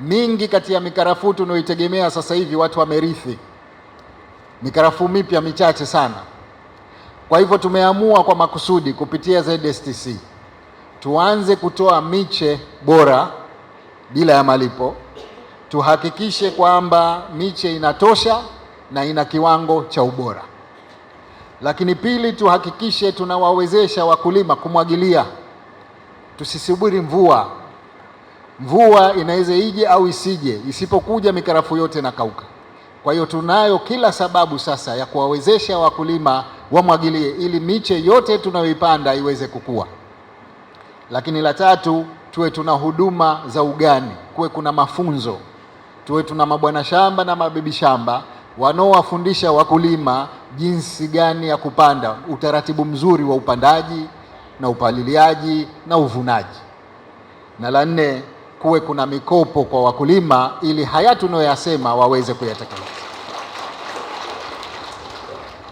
Mingi kati ya mikarafuu tunaoitegemea sasa hivi watu wamerithi, mikarafuu mipya michache sana. Kwa hivyo tumeamua kwa makusudi kupitia ZSTC tuanze kutoa miche bora bila ya malipo, tuhakikishe kwamba miche inatosha na ina kiwango cha ubora. Lakini pili, tuhakikishe tunawawezesha wakulima kumwagilia, tusisubiri mvua mvua inaweza ije au isije, isipokuja mikarafu yote na kauka Kwa hiyo tunayo kila sababu sasa ya kuwawezesha wakulima wamwagilie, ili miche yote tunayoipanda iweze kukua. Lakini la tatu, tuwe tuna huduma za ugani, kuwe kuna mafunzo, tuwe tuna mabwana shamba na mabibi shamba wanaowafundisha wakulima jinsi gani ya kupanda, utaratibu mzuri wa upandaji na upaliliaji na uvunaji. Na la nne kuwe kuna mikopo kwa wakulima ili haya tunayoyasema waweze kuyatekeleza.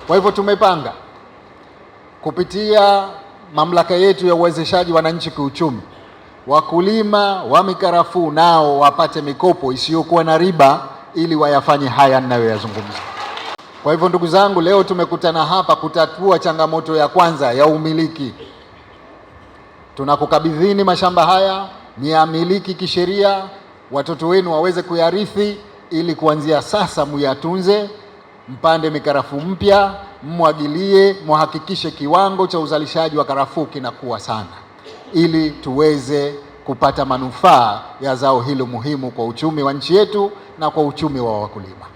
Kwa hivyo tumepanga kupitia mamlaka yetu ya uwezeshaji wananchi kiuchumi, wakulima wa mikarafuu nao wapate mikopo isiyokuwa na riba ili wayafanye haya ninayoyazungumza. Kwa hivyo, ndugu zangu, leo tumekutana hapa kutatua changamoto ya kwanza ya umiliki. Tunakukabidhini mashamba haya amiliki kisheria, watoto wenu waweze kuyarithi, ili kuanzia sasa muyatunze, mpande mikarafuu mpya, mmwagilie, muhakikishe kiwango cha uzalishaji wa karafuu kinakuwa sana, ili tuweze kupata manufaa ya zao hilo muhimu kwa uchumi wa nchi yetu na kwa uchumi wa wakulima.